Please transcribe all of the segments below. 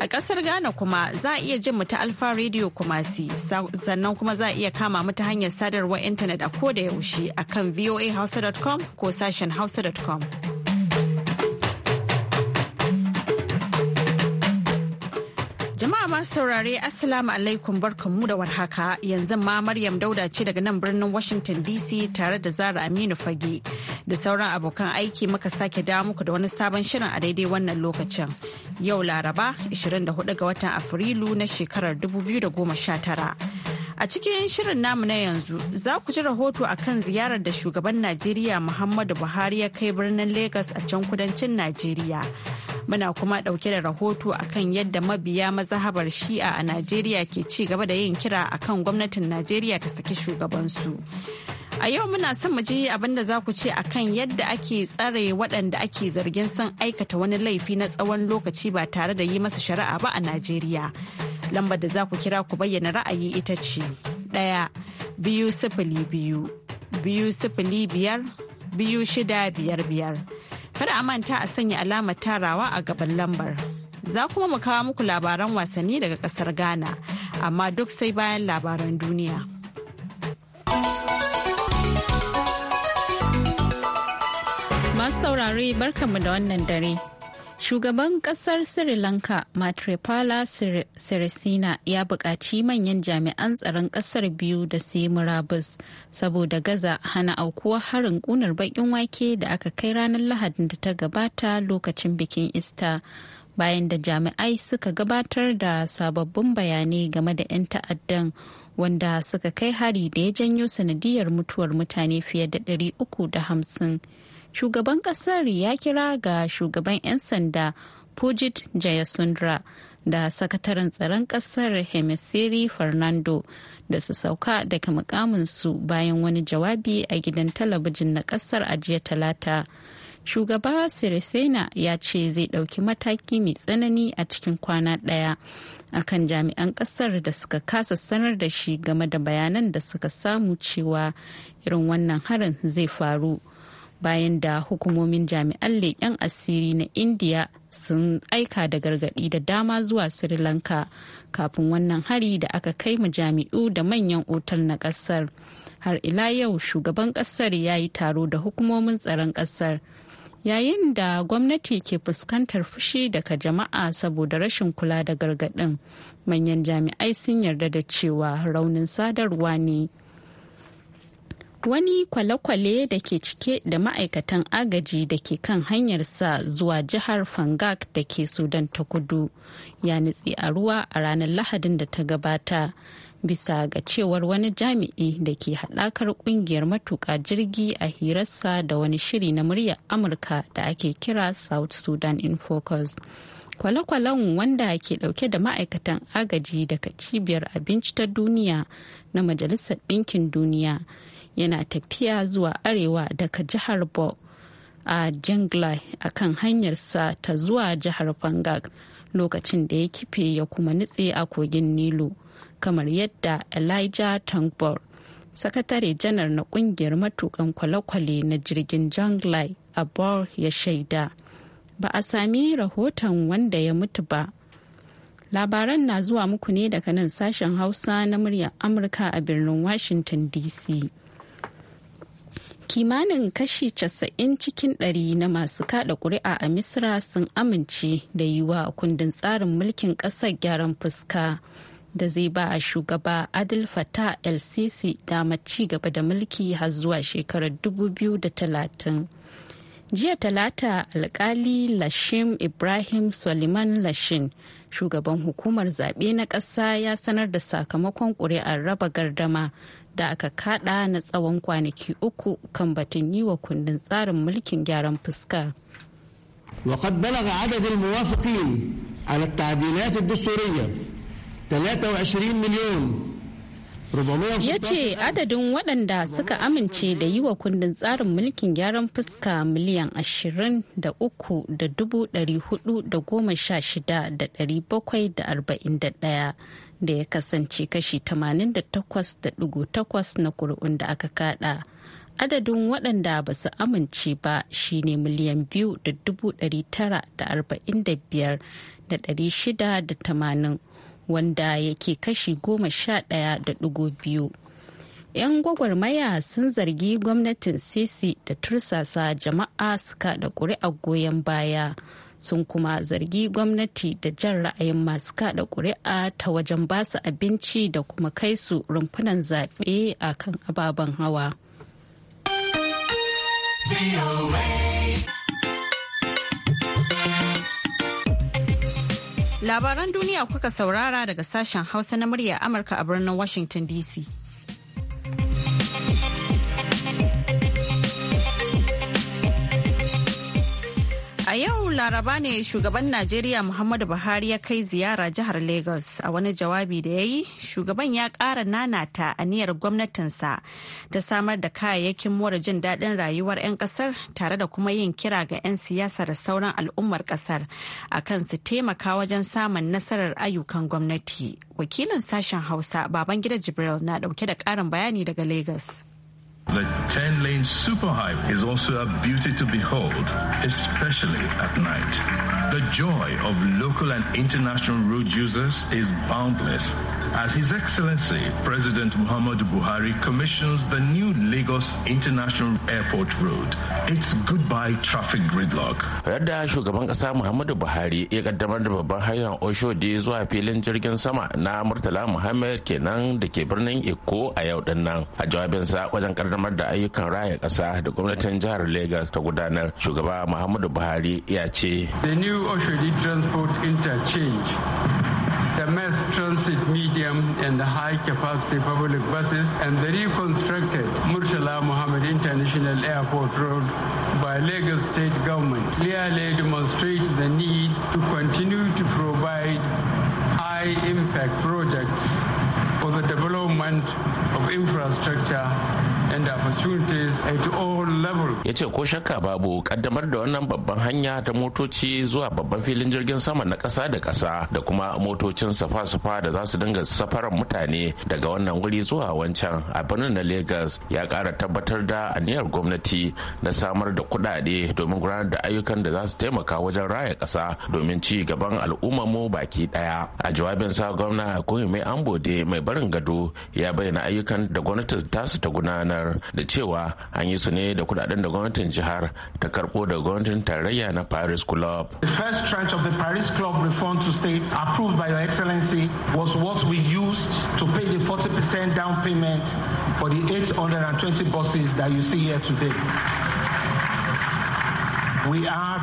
A ƙasar Ghana kuma za a iya jin mu ta Alfa Radio Kumasi sannan kuma za a iya kama mu hanyar sadarwar intanet a ko da yaushe akan voahausa.com ko sashen hausa.com. Jama'a masu saurare Assalamu alaikum barkanmu da warhaka yanzu ma Maryam Dauda ce daga nan birnin Washington DC tare da Zara Aminu Fage da sauran abokan aiki muka sake dawo muku da wani sabon shirin a daidai wannan lokacin. Yau Laraba 24 ga watan Afrilu na shekarar 2019. A cikin shirin namu na yanzu za ku ji rahoto a kan ziyarar da shugaban Najeriya Muhammadu Buhari ya kai birnin Legas a can kudancin Najeriya. Muna kuma ɗauke da rahoto akan yadda mabiya mazahabar shi'a a Najeriya ke ci gaba da yin kira akan gwamnatin Najeriya ta saki shugabansu. A yau muna son mu ji abin da za ku ce akan yadda ake tsare waɗanda ake zargin sun aikata wani laifi na tsawon lokaci ba tare da yi masa shari'a ba a Najeriya. Lambar da za ku kira ku bayyana ra'ayi ita ce ɗaya biyu sifili biyu biyu sifili biyar biyu shida biyar biyar. Kada a manta a sanya alamar tarawa a gaban lambar. Za kuma mu kawo muku labaran wasanni daga kasar Ghana, amma duk sai bayan labaran duniya. Masu saurare barkanmu da wannan dare. Shugaban kasar Sri Lanka Matrepala Sirisena ya buƙaci manyan jami'an tsaron ƙasar biyu da su yi murabus saboda gaza hana aukuwar harin ƙunar baƙin wake da aka kai ranar Lahadin da ta gabata lokacin bikin Ista bayan da jami'ai suka gabatar da sababbin bayanai game da 'yan ta'addan wanda suka kai hari da ya janyo sanadiyar mutuwar mutane fiye da 350. shugaban kasar ya kira ga shugaban 'yan sanda pujit jayasundra da sakataren tsaron kasar hemisiri fernando da su sauka daga mukaminsu bayan wani jawabi a gidan talabijin na kasar a jiya talata shugaba sirisena ya ce zai dauki mataki mai tsanani a cikin kwana ɗaya akan jami'an kasar da suka kasa sanar da shi game da bayanan da suka samu cewa irin wannan harin zai faru bayan da hukumomin jami'an leƙen asiri na indiya sun aika da gargaɗi da dama zuwa sri lanka kafin wannan hari da aka kai mu jami'u da manyan otal na ƙasar har ila yau shugaban ƙasar ya yi taro da hukumomin tsaron ƙasar yayin da gwamnati ke fuskantar fushi daga jama'a saboda rashin kula da gargaɗin manyan jami'ai sun yarda da cewa raunin sadarwa ne. wani kwale-kwale da ke cike da ma'aikatan agaji da ke kan hanyarsa zuwa jihar fangak da ke sudan ta kudu ya nutse a ruwa a ranar lahadin da ta gabata bisa ga cewar wani jami'i da ke haɗakar ƙungiyar matuƙa jirgi a hirarsa da wani shiri na murya amurka da ake kira south sudan in focus kwale-kwalen wanda ke dauke da ma'aikatan agaji daga cibiyar abinci ta duniya na majalisar ɗinkin duniya yana tafiya zuwa arewa daga jihar Bok a Jinglai a kan hanyarsa ta zuwa jihar Fangak lokacin da ya kife ya kuma nutse a kogin Nilu kamar yadda Elijah Tangbor sakatare janar na kungiyar matukan kwale-kwale na jirgin Jonglai a Bor ya shaida. Ba a sami rahoton wanda ya mutu ba. Labaran na zuwa muku ne daga nan sashen Hausa na muryar Amurka a birnin Washington DC. kimanin kashi casa'in cikin ɗari na masu kada ƙuri'a a misra sun amince da yi wa kundin tsarin mulkin ƙasar gyaran fuska da zai ba a shugaba adil fata el sisi ci gaba da mulki har zuwa shekarar 2030 jiya talata alkali lashim ibrahim suleiman lashin shugaban hukumar zaɓe na ƙasa ya sanar da sakamakon ƙuri'ar raba gardama da aka kada na tsawon kwanaki uku kan batun yi wa kundin tsarin mulkin gyaran fuska. وقد بلغ عدد الموافقين على التعديلات الدستورية 23 مليون ya ce adadin waɗanda suka amince da yi wa kundin tsarin mulkin gyaran fuska miliyan ashirin da uku da dubu ɗari hudu da goma sha shida da ɗari bakwai da arba'in da ɗaya da ya kasance kashi 88.8 na kuri'un da aka kada. Adadin waɗanda ba su amince ba shine miliyan biyu da dubu ɗari tara da arba'in da biyar da ɗari shida da tamanin wanda yake kashi goma sha ɗaya da ɗigo biyu. 'yan gwagwarmaya sun zargi gwamnatin sisi da tursasa jama'a suka da ƙuri'ar goyon baya sun kuma zargi gwamnati da jan ra'ayin masu kada ƙuri'a ta wajen basu abinci da kuma kai su rumfunan zaɓe a kan ababen hawa. Labaran duniya kuka saurara daga sashen Hausa na murya Amurka a birnin Washington DC. A yau Laraba ne shugaban Najeriya Muhammadu Buhari ya kai ziyara jihar Lagos a wani jawabi da ya yi shugaban ya ƙara nanata aniyar gwamnatinsa ta samar da kayayyakin more jin daɗin rayuwar 'yan ƙasar tare da kuma yin kira ga 'yan siyasa da sauran al'ummar ƙasar a kan su taimaka wajen samun nasarar ayyukan gwamnati. Wakilin sashen Hausa Babangida Jibril na ɗauke da ƙarin bayani daga Lagos. The 10 lane superhighway is also a beauty to behold, especially at night. The joy of local and international road users is boundless as His Excellency President Muhammadu Buhari commissions the new Lagos International Airport Road. It's goodbye traffic gridlock. Yadda shugaban kasa Muhammadu Buhari ya kaddamar da babban hanyar Oshodi zuwa filin jirgin sama na Murtala Muhammad kenan da ke birnin Eko a yau din nan. A jawabinsa wajen kaddamar da ayyukan raya kasa da gwamnatin jihar Lagos ta gudanar, shugaba Muhammadu Buhari ya ce. The new Oshodi Transport Interchange the mass transit medium and the high capacity public buses, and the reconstructed Murtala Mohammed International Airport Road by Lagos State Government clearly demonstrate the need to continue to provide high impact projects for the development of infrastructure and Ya ce ko shakka babu kaddamar da wannan babban hanya ta motoci zuwa babban filin jirgin sama na ƙasa da kasa da kuma motocin safa-safa da za su dinga safarar mutane daga wannan wuri zuwa wancan a birnin na Lagos ya kara tabbatar da aniyar gwamnati na samar da kuɗaɗe domin gudanar da ayyukan da za su taimaka wajen raya kasa domin ci gaban mu baki ɗaya. A jawabin sa gwamna mai Ambode mai barin gado ya bayyana ayyukan da gwamnati ta su ta gudanar jihar da cewa an yi su ne da kudaden da gwamnatin jihar ta karbo da gwamnatin tarayya na Paris Club. The first tranche of the Paris Club reform to state approved by your excellency was what we used to pay the 40% down payment for the 820 buses that you see here today. Ya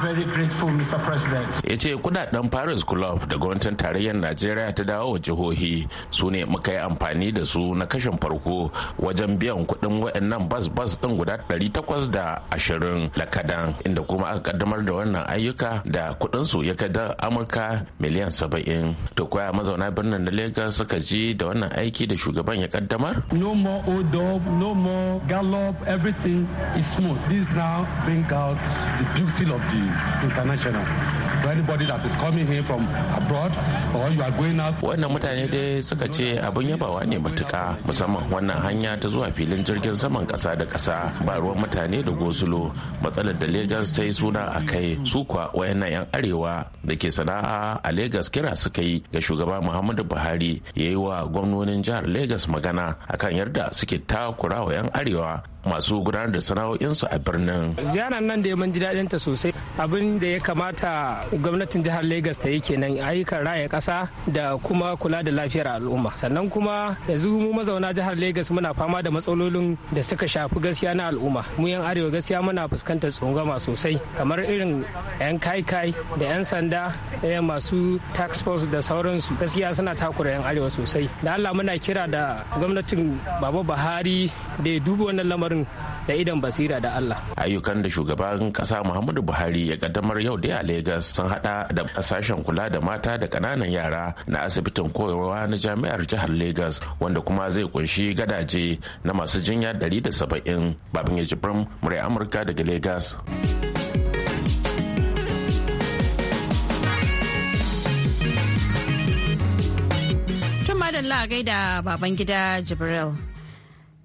ce kudaden Paris Club da gwamnatin tarayyar Najeriya ta dawo wa jihohi su ne muka yi amfani da su na kashin farko wajen biyan kuɗin waɗannan bas-bas ɗin guda 820 lakadan inda kuma aka kaddamar da wannan ayyuka da kuɗinsu ya kai da Amurka miliyan 70. To koya mazauna birnin na Lagos suka ji da wannan aiki da shugaban ya kaddamar? No more old no more gallop, everything is smooth. This now bring out the responsibility of the international. anybody that is coming here from abroad or you are going out wannan mutane dai suka ce abin yabawa ne matuka musamman wannan hanya ta zuwa filin jirgin saman kasa da kasa ba ruwan mutane da gosulo matsalar da lagos ta yi suna a kai su kwa wayannan yan arewa da ke sana'a a lagos kira suka yi ga shugaba muhammadu buhari ya yi wa gwamnonin jihar lagos magana akan yarda suke takura wa yan arewa masu gudanar da sana'o'insu a birnin ziyarar nan da ya mun ji daɗin sosai abin da ya kamata gwamnatin jihar Legas ta yi kenan ayyukan raya ƙasa da kuma kula da lafiyar al'umma. Sannan kuma yanzu mu mazauna jihar Legas muna fama da matsalolin da suka shafi gaskiya na al'umma. Mu yan arewa gaskiya muna fuskantar tsungama sosai kamar irin 'yan kai-kai da 'yan sanda da eh, masu tax force da sauransu gaskiya suna takura 'yan arewa sosai. Da Allah muna kira da gwamnatin Baba Buhari da ya duba wannan lamarin da idan basira da Allah. Ayyukan da shugaban kasa Muhammadu Buhari ya kaddamar yau dai a lagos sun hada da kasashen kula da mata da kananan yara na asibitin koyarwa na jami'ar jihar lagos wanda kuma zai kunshi gadaje na masu jinya 170 babin ya jibrin murai Amurka daga lagos. Tun a gaida baban gida Jibril.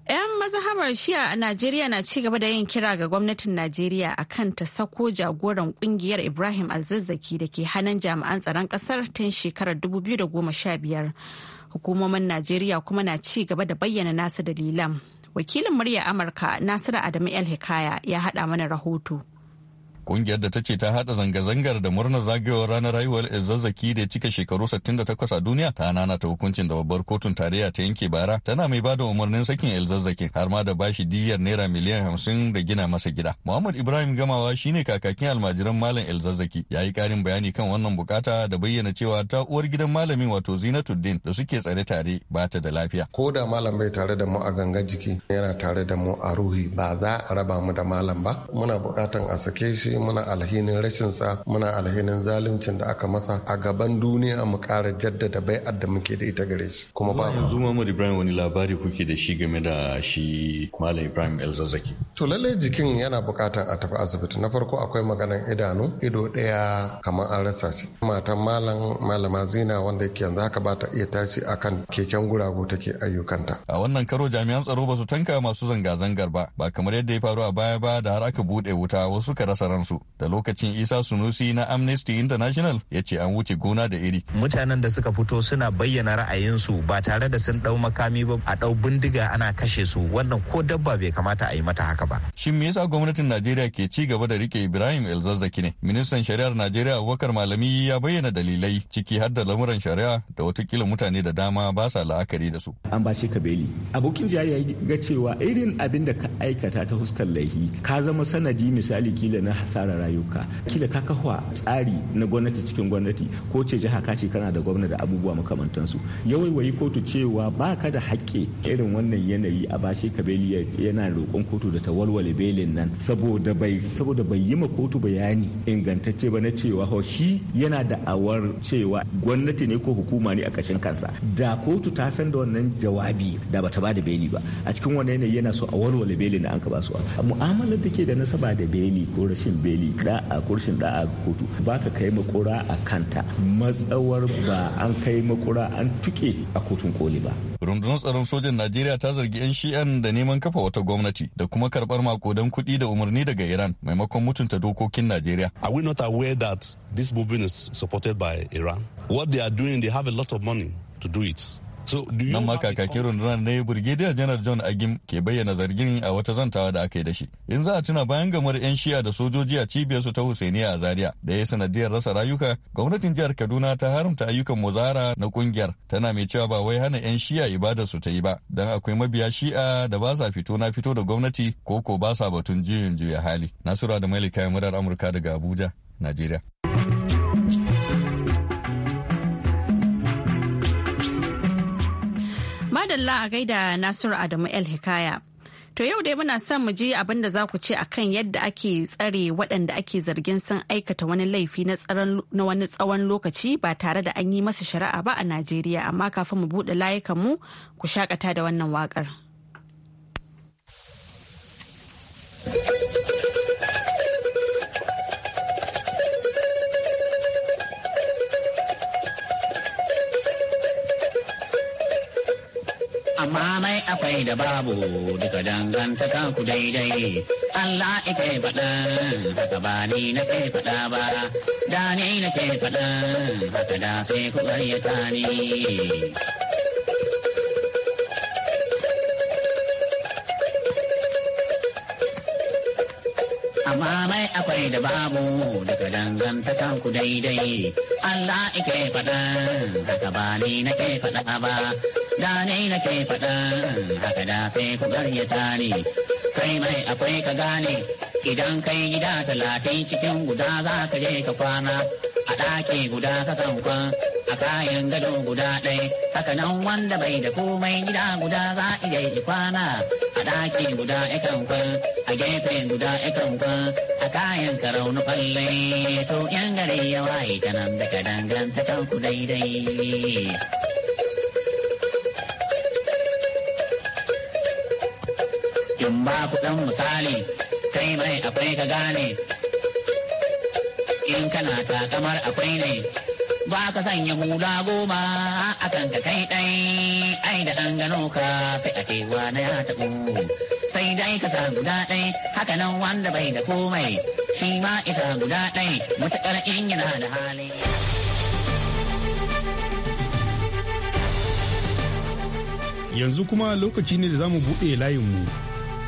'Yan mazahabar shiya a Najeriya na ci gaba da yin kira ga gwamnatin Najeriya a kan ta sako jagoran kungiyar Ibrahim Alzazzaki da ke hannun jami'an tsaron kasar tun shekarar 2015. Hukumomin Najeriya kuma na ci gaba da bayyana nasu dalilan. Wakilin murya Amurka Nasiru Adamu El Hikaya ya haɗa mana rahoto. Kungiyar da ta ce ta hada zanga-zangar da murnar zagayowar ranar rayuwar zazzaki da cika shekaru 68 a duniya ta nana ta hukuncin da babbar kotun tarayya ta yanke bara tana mai bada umarnin sakin el-zazzaki. har ma da bashi diyyar naira miliyan hamsin da gina masa gida. Muhammad Ibrahim Gamawa shine kakakin almajiran malam el-zazzaki. ya yi karin bayani kan wannan bukata da bayyana cewa ta uwar gidan malamin wato Zinatuddin da suke tsare tare ba ta da lafiya. Ko da malam bai tare da mu a ganga jiki yana tare da mu a ruhi ba za a raba mu da malam ba muna bukatan a sake shi sai muna alhinin rashinsa muna alhinin zaluncin da aka masa a gaban duniya mu kara jaddada bai'ar da muke da ita gare shi kuma ba yanzu mu Ibrahim wani labari kuke da shi game da shi Malam Ibrahim El to lalle jikin yana bukatan a tafi asibiti na farko akwai maganan idanu ido daya kamar an rasa shi matan malam malama Zina wanda yake yanzu haka ba ta iya tashi akan keken guragu take ayyukanta a wannan karo jami'an tsaro ba su tanka masu zanga-zangar ba ba kamar yadda ya faru a baya ba da har aka buɗe wuta wasu ka rasa ran kansu da lokacin isa sunusi na amnesty international ya ce an wuce gona da iri mutanen da suka fito suna bayyana ra'ayinsu ba tare da sun dau makami ba a dau bindiga ana kashe su wannan ko dabba bai kamata a yi mata haka ba shin me yasa gwamnatin najeriya ke ci gaba da rike ibrahim elzazzaki ne ministan shari'ar najeriya abubakar malami ya bayyana dalilai ciki har da lamuran shari'a da watakila mutane da dama ba sa la'akari da su an ba shi beli abokin jayayya ga cewa irin abin da ka aikata ta huskar laifi ka zama sanadi misali kila na asara rayuka kila ka kafa tsari na gwamnati cikin gwamnati ko ce jiha ka ce kana da gwamna da abubuwa makamantansu yawaiwayi kotu cewa ba ka da haƙƙi irin wannan yanayi a bashe ka beli yana roƙon kotu da ta walwale belin nan saboda bai saboda bai yi ma kotu bayani ingantacce ba na cewa ho shi yana da awar cewa gwamnati ne ko hukuma ne a kashin kansa da kotu ta san da wannan jawabi da bata ba da beli ba a cikin wannan yanayi yana so a walwale belin da an ka ba su mu'amalar da ke da nasaba da beli ko rashin beli da a kurshin a kotu ba ka kai makura a kanta matsawar ba an kai makura an tuke a kotun koli ba rundunar tsaron sojan najeriya ta zargi 'yan shi'an da neman kafa wata gwamnati da kuma karbar makodan kuɗi da umarni daga iran maimakon mutunta dokokin najeriya are we not aware that this movement is supported by iran what they are doing they have a lot of money to do it So, do you ma kakakin rundunar ne Brigadier General John Agim ke bayyana zargin a wata zantawa da aka yi da shi. In za a tuna bayan gamar 'yan shiya da sojoji a cibiyar su ta Husainiya a Zaria da ya sanadiyar rasa rayuka, gwamnatin jihar Kaduna ta haramta ayyukan muzara na kungiyar tana mai cewa ba wai hana 'yan shiya ibadar su ta yi ba, dan akwai mabiya shi'a da ba sa fito na fito da gwamnati ko ko ba sa batun juyin juya hali. Nasura da Malika Murar Amurka daga Abuja, Najeriya. madalla a gaida Nasiru Adamu El Hikaya. To yau dai muna son mu ji abin da za ku ce akan yadda ake tsare waɗanda ake zargin sun aikata wani laifi na wani tsawon lokaci ba tare da an yi masa shari'a ba a Najeriya amma kafin mu buɗe layukanmu ku shakata da wannan waƙar. amma mai akwai da babu duka dangantaka ku daidai. Allah ike faɗa haka ba ni na ke faɗa ba, da ni na ke faɗa haka da sai ku ƙaryata ni. amma mai akwai da babu daga dangantakan ku daidai Allah ike faɗa haka ba ni na ke faɗa ba da nake faɗa haka da sai ku garyata ni kai mai akwai ka gane idan kai gida talatin cikin guda za ka je ka kwana a ɗaki guda ka kanka a kayan gado guda ɗai haka nan wanda bai da komai gida guda za a iya kwana a ɗaki guda ya kanka a gefe guda ya kanka a kayan ka na falle to yan gare ya waye nan da ka danganta ku daidai. in ba ku ɗan misali kai mai akwai ka gane in kana takamar akwai ne ba ka sanya hula goma a kan ka kai ɗai ai da ɗan gano ka sai a ce na ya taɓo sai dai ka sa guda ɗai haka nan wanda bai da komai shi ma isa guda ɗai matuƙar in yana da hali. yanzu kuma lokaci ne da za mu buɗe layinmu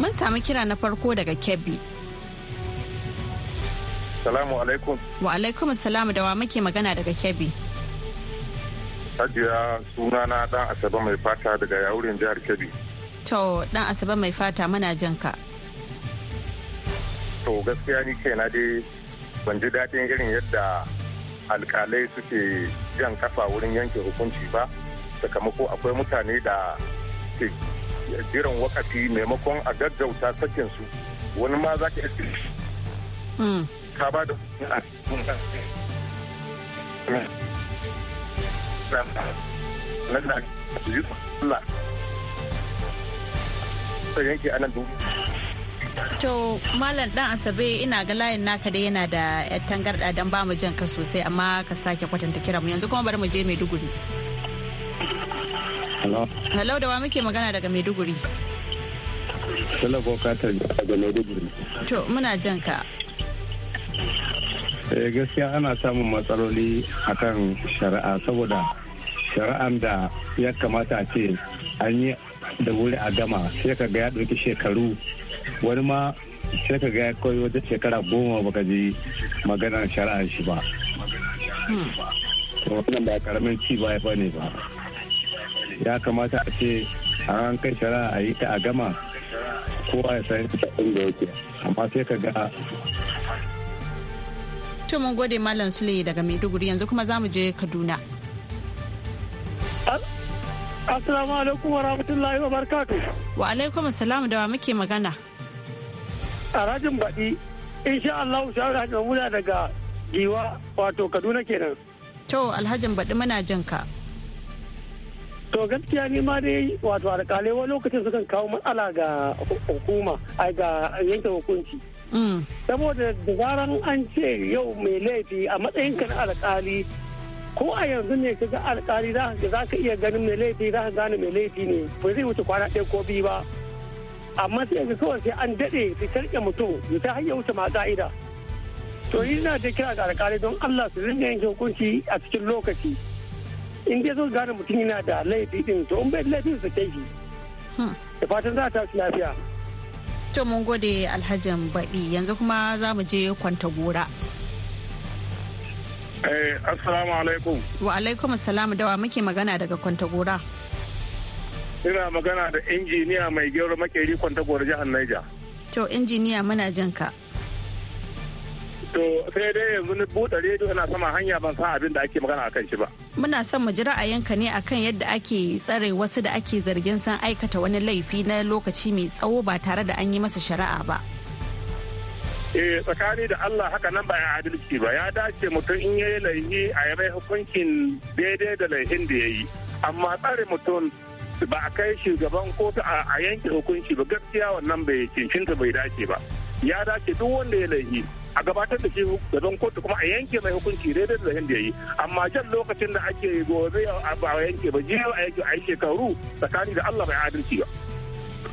Mun samu kira na farko daga Kebbi. Salamu alaikum. Wa alaikum salamu da wa muke magana daga Kebbi. Hajiya na dan Asabe mai fata daga yawurin jihar Kebbi. To dan Asabe mai fata muna jin ka. To gaskiya ni kaina dai ban ji daɗin irin yadda alkalai suke jan kafa wurin yanke hukunci ba sakamako akwai mutane da jiran wakati maimakon a gaggauta sakin su wani ma za ka yi hmm. ka ba da To Malam Dan Asabe ina ga layin naka dai yana da tangarɗa don ba mu jan ka sosai amma ka sake kwatanta kiran mu yanzu kuma bari mu je Maiduguri. Hello da wa muke magana daga Maiduguri. Suna bukatar daga Maiduguri. To muna jan ka. Eh gaskiya ana samun matsaloli akan shari'a saboda shari'an da ya kamata a ce an yi da wuri a gama sai ka ga ya ɗauki shekaru wani ma sai ka ga ya koyi wata shekara goma baka ji maganar shari'an shi ba. Hmm. Wannan ba karamin ci ya ba ne ba. ya kamata a ce an kai shara a yi ta a gama kowa ya san da yake amma sai ka ga to mun gode malam sule daga maiduguri yanzu kuma za mu je kaduna assalamu alaikum wa rahmatullahi wa barakatu wa alaikum assalamu da wa muke magana a rajin baɗi insha Allah shawar hajji muna daga giwa wato kaduna kenan to alhajin baɗi muna jinka ka to gaskiya ne ma dai wato alkalai wani lokacin sukan kawo matsala ga hukuma ai ga yanke hukunci mm. saboda da zaran an ce yau mai laifi a matsayin ka na alkali ko a yanzu ne ka ga alkali za ka iya ganin mai laifi za ka gane mai laifi ne ba zai wuce kwana ɗaya ko biyu ba amma sai ga kawai sai an daɗe su karke mutum ya ta hanyar wuce ma ka'ida to yi na da kira ga alkali don allah su rinka yanke hukunci a cikin lokaci in dai zo gane mutum yana da laifi din to in bai laifin su kai shi hmm. da fatan za ta lafiya to mun gode alhajin baɗi yanzu kuma za mu je kwanta gora Eh, assalamu alaikum. Wa alaikum assalamu dawa muke magana daga Kwantagora. Ina magana da injiniya mai gero makeri Kwantagora jihar Niger. To injiniya muna jin ka. To sai dai yanzu ni buɗe rediyo ina sama hanya ban san abin da ake magana akan shi ba. Muna son mu ji yanka ne akan yadda ake tsare wasu da ake zargin san aikata wani laifi na lokaci mai tsawo ba tare da an yi masa shari'a ba. eh tsakani da Allah haka nan ba ya adalci ba ya dace mutum in yayi laifi a yabai hukuncin daidai da laifin da yayi amma tsare mutum ba a kai shugaban kotu a yanke hukunci ba gaskiya wannan bai cincinta bai dace ba ya dace duk wanda ya laifi a gabatar da shi gaban kotu kuma a yanke mai hukunci daidai da zahin da yi amma jan lokacin da ake gobe ba a yanke ba jiya a yanke a shekaru tsakani da Allah bai adalci ba.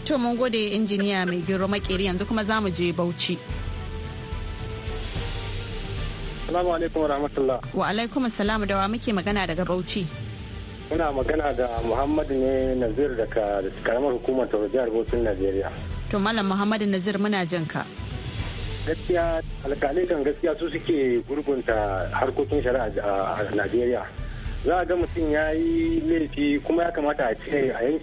To mun gode injiniya mai gero makeri yanzu kuma za mu je Bauchi. Salamu alaikum wa rahmatullah. Wa alaikum salamu da wa muke magana daga Bauchi. Muna magana da Muhammadu ne Nazir daga karamar hukumar ta jihar Bauchin Najeriya. To Malam Muhammadu Nazir muna jinka. ka. gaskiya alkalai kan gaskiya su suke gurgunta harkokin shari'a a najeriya za a ga mutum ya yi laifi kuma ya kamata a ce a yi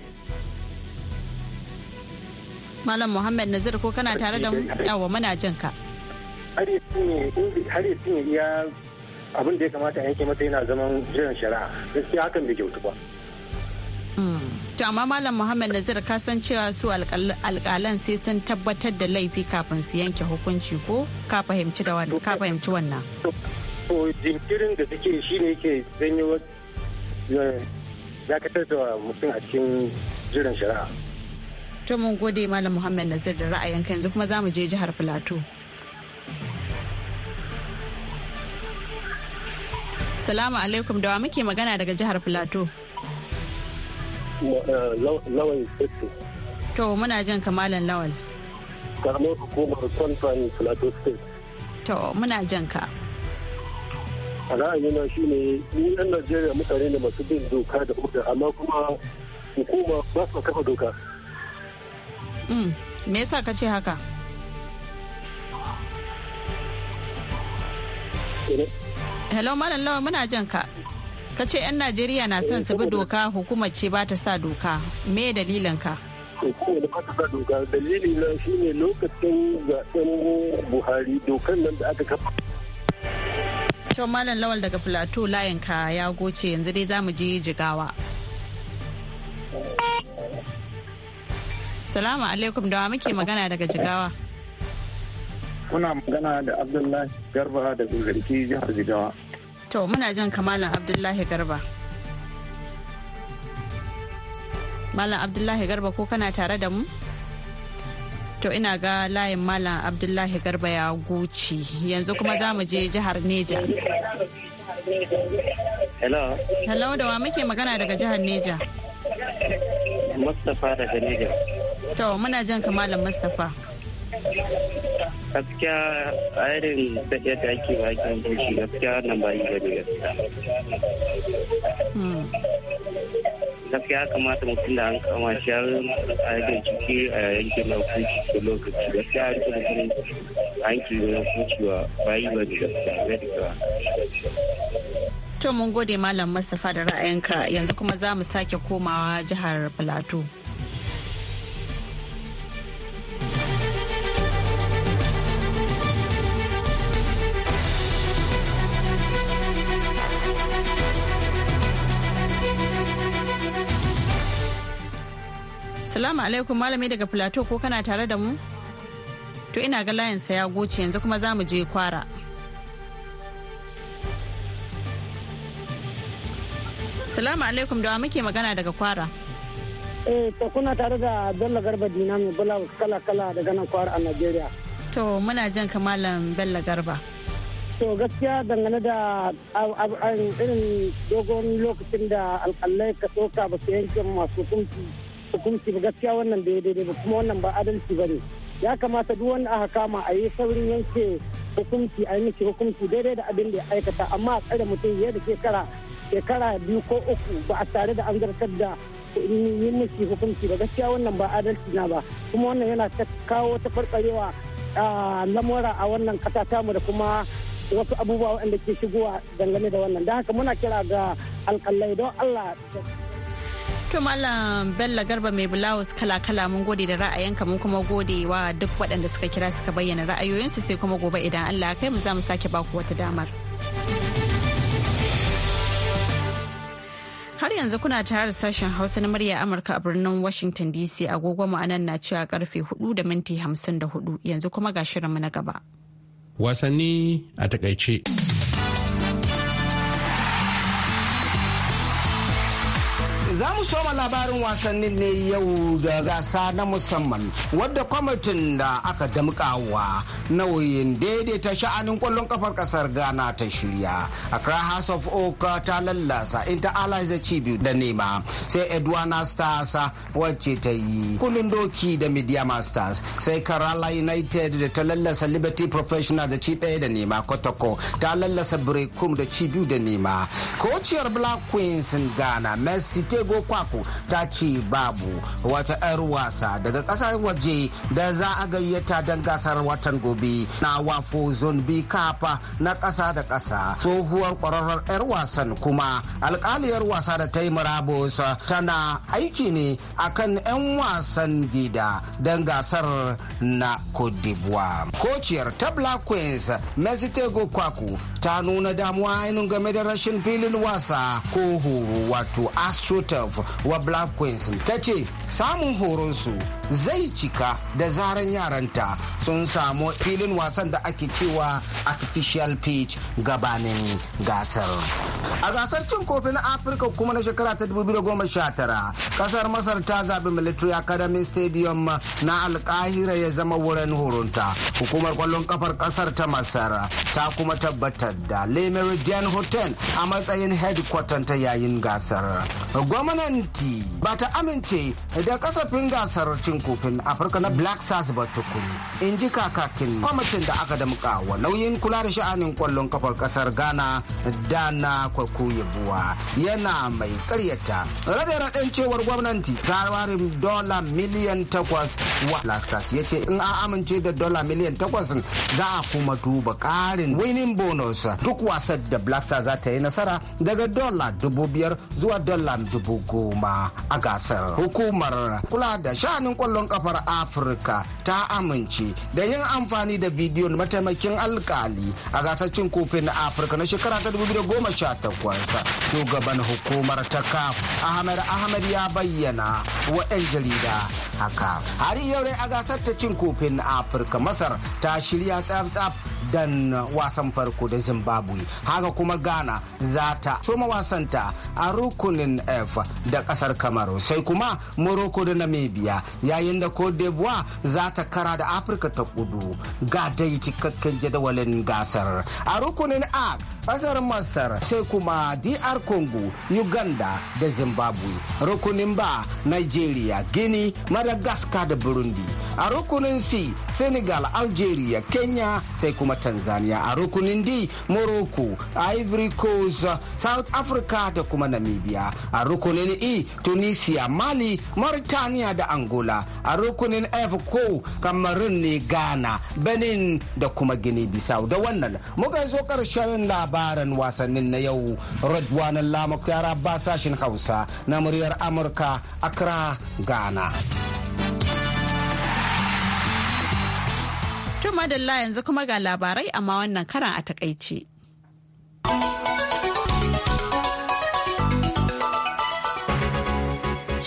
malam muhammad nazir ko kana tare da yawa muna jin ka har ya iya abin da ya kamata a yanke mata yana zaman jiran shari'a gaskiya hakan bai kyautu ba To amma Malam Muhammad Nazir ka san cewa su alƙalan sai sun tabbatar da laifi kafin su yanke hukunci ko ka fahimci wannan. To jinkirin da suke shi ne yake janyo eh, dakatar da mutum a cikin jiran shari'a. To mun gode Malam Muhammad Nazir da ra'ayinka yanzu kuma za mu je jihar Filato. Salamu alaikum da wa muke magana daga jihar Filato. Lawal Sassu. To muna jan kamalan Lawal. Karamar hukumar Kwanfan Plateau State. To muna jan ka. A ra'ayina shi ne ni yan Najeriya mutane ne masu bin doka da oda amma kuma hukuma ba su kafa doka. Mm, me yasa ka ce haka? Hello Malam Lawal muna jan ka. ka ce 'yan najeriya na son su bi doka hukumar ce ba ta sa doka me dalilin ka hukumar lokacin buhari dokan nan da aka kafa malam lawal daga plateau layin ka ya goce yanzu dai za mu je jigawa salamu alaikum dawa muke magana daga jigawa muna magana da abdullahi garba da zarki jihar jigawa To muna jin kamalan Abdullahi Garba. Malam Abdullahi Garba ko kana tare da mu? To ina ga layin Malam Abdullahi Garba ya guci yanzu kuma za mu je jihar Neja. Hello. Hello da wa muke magana daga jihar Neja? Mustapha daga Neja. To muna jan kamalan Mustapha. gaskiya a irin tafiyar da ake ba kan shi gaskiya nan ba yi gani gaskiya gaskiya kamata mutum da an kama shi a yadda ciki a yanke na hukunci da lokaci gaskiya an kuma mutum a yanke na hukunci wa bayi ba da gaskiya da to mun gode malam mustapha da ra'ayinka yanzu kuma za mu sake komawa jihar plateau Salamu alaikum malami daga Plateau ko kana tare da mu? To ina ga layinsa ya goce yanzu kuma za mu je kwara. Salamu alaikum da muke magana daga kwara. Eh to kuna tare da Bello Garba Dina mai bula kala kala daga nan kwara a Najeriya. To muna jan kamalan Bello Garba. To gaskiya dangane da irin dogon lokacin da alƙalai ka tsoka ba su yanke masu hukunci hukunci ba gaskiya wannan da daidai ba kuma wannan ba adalci ba ne ya kamata duk wanda aka kama a yi saurin yanke hukunci a yi miki hukunci daidai da abin da ya aikata amma a tsare mutum ya da shekara shekara biyu ko uku ba a tare da an zartar da yi miki hukunci ba gaskiya wannan ba adalci na ba kuma wannan yana ta kawo ta farfarewa lamura a wannan kasa tamu da kuma wasu abubuwa waɗanda ke shigowa dangane da wannan don haka muna kira ga alƙalai don allah To Malam Bello Garba mai blouse kala-kala mun gode da ra'ayinka mun kuma gode wa duk waɗanda suka kira suka bayyana ra'ayoyinsu sai kuma gobe idan Allah kai mu za mu sake baku wata damar. Har yanzu kuna tare da sashen Hausa na murya Amurka a birnin Washington DC agogo mu anan na cewa karfe 4 da minti 54 yanzu kuma ga shirinmu na gaba. Wasanni a takaice. za soma labarin wasannin ne yau da gasa na musamman wadda kwamitin da aka damkawa nauyin daidaita sha'anin kwallon kafar kasar ghana ta shirya a kira house of oak ta lallasa inter allies da cibi da nema sai edwana stars wacce ta yi kunin doki da media masters sai kerala united da ta lallasa liberty professional da ci daya da nema kotoko ta lallasa brekum da ci da nema kociyar black queens ghana Mercy tego kwaku ta ce babu wata 'yar wasa daga ƙasa waje da za a gayyata don gasar watan gobe na wafo bi kafa na ƙasa da ƙasa tsohuwar ƙwararrar 'yar wasan kuma alƙaliyar wasa da ta yi murabus tana aiki ne akan 'yan wasan gida don gasar na cote d'ivoire kociyar ta black queens mezitego kwaku ta nuna damuwa ainihin game da rashin filin wasa ko horo wato astroturf wa black queens ta ce samun horonsu zai cika da zaran yaranta sun samu filin wasan da ake cewa artificial pitch gabanin gasar a gasar cin kofi na afirka kuma na shekara ta tara. kasar masar ta zaɓi military academy stadium na alkahira ya zama wurin horonta hukumar kwallon kafar kasar ta masar ta kuma tabbatar da le meridian hotel a matsayin headquarter ta yayin gasar gwamnati ba ta amince da kasafin gasar cin kofin afirka na black stars ba tukuni. in ji kakakin kwamitin da aka damƙa wa nauyin kula da sha'anin kwallon kafar kasar ghana dana kwa ba ko yabuwa yana mai karyata raɗe-raɗen cewar gwamnati ta warin dola miliyan takwas wa laxas ya ce in an amince da dola miliyan takwas za a kuma duba ƙarin winning bonus duk wasan da black stars za ta yi nasara daga dola dubu biyar zuwa dola dubu goma a gasar hukumar kula da sha'anin kwallon kafar afirka ta amince da yin amfani da bidiyon mataimakin alkali a gasar cin kofin na afirka na shekara ta ragonsa shugaban hukumar ta kaf ahmed ahmed ya bayyana wa 'yan jarida haka har yau dai a gasar ta cin kofin afirka masar ta shirya tsaf dan wasan farko da zimbabwe haka kuma ghana za ta soma wasanta a rukunin f da kasar kamaru sai kuma morocco da namibia yayin da cote d'ivoire za ta kara da afirka ta kudu ga dai cikakken jadawalin gasar a rukunin a kasar masar sai kuma dr congo uganda da zimbabwe rukunin ba nigeria gini madagascar da burundi a rukunin c senegal algeria kenya sai kuma tanzania a rukunin d morocco ivory coast south africa da kuma namibia a rukunin e tunisia mali mauritania da angola a rukunin f ko kamarun ne ghana benin da kuma guinea bissau da wannan muka zo karshen labar labaran wasannin na yau Radwan Allah sashin Hausa na muryar Amurka Accra Ghana. tun madalla yanzu kuma ga labarai amma wannan karan a takaice.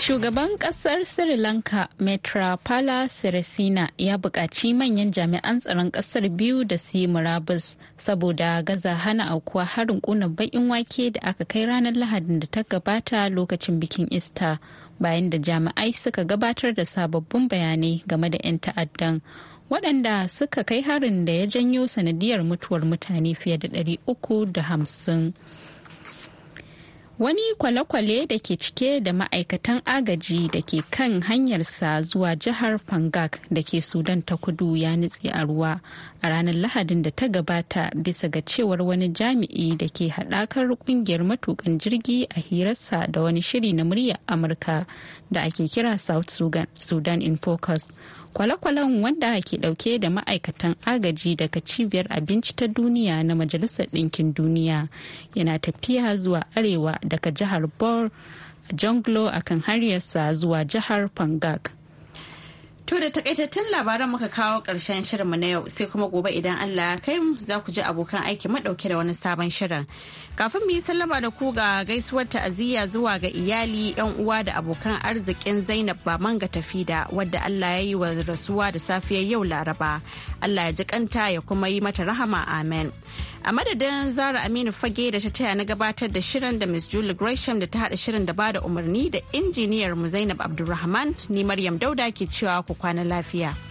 Shugaban kasar Sri Lanka Metrapala Sirisena ya buƙaci manyan jami'an tsaron kasar biyu da su yi murabus saboda gaza hana aukuwa harin ƙuna baƙin wake da aka kai ranar Lahadin da ta gabata lokacin bikin Easter bayan da jami'ai suka gabatar da sababbin bayanai game da 'yan ta'addan waɗanda suka kai harin da ya janyo sanadiyar mutuwar mutane fiye da 350. wani kwale-kwale da ke cike da ma'aikatan agaji da ke kan hanyarsa zuwa jihar Pangak da ke sudan ta kudu ya nutse a ruwa a ranar lahadin da ta gabata bisa ga cewar wani jami'i da ke haɗakar kungiyar matukan jirgi a hirarsa da wani shiri na murya amurka da ake kira south sudan in focus kwale-kwalen wanda ke dauke da ma'aikatan agaji daga cibiyar abinci ta duniya na majalisar ɗinkin duniya yana tafiya zuwa arewa daga jihar bor a jonglo akan haryarsa zuwa jihar pangak To da takaitattun labaran muka kawo ƙarshen shirinmu na yau sai kuma gobe idan Allah ya kai mu za ku ji abokan aiki madauke da wani sabon shirin. Kafin mu yi sallama da ku ga gaisuwar ta'aziyya zuwa ga iyali, yan uwa da abokan arzikin Zainab ba manga ga tafida wadda Allah ya yi wa rasuwa da safiyar yau Laraba. Allah ya ji kanta ya kuma yi mata rahama amen. a madadin zara aminu fage da ta taya na gabatar da shirin da miss julie gresham da ta hada shirin da bada umarni da injiniyar mu zainab abdulrahman ni maryam dauda ke cewa ku kwana lafiya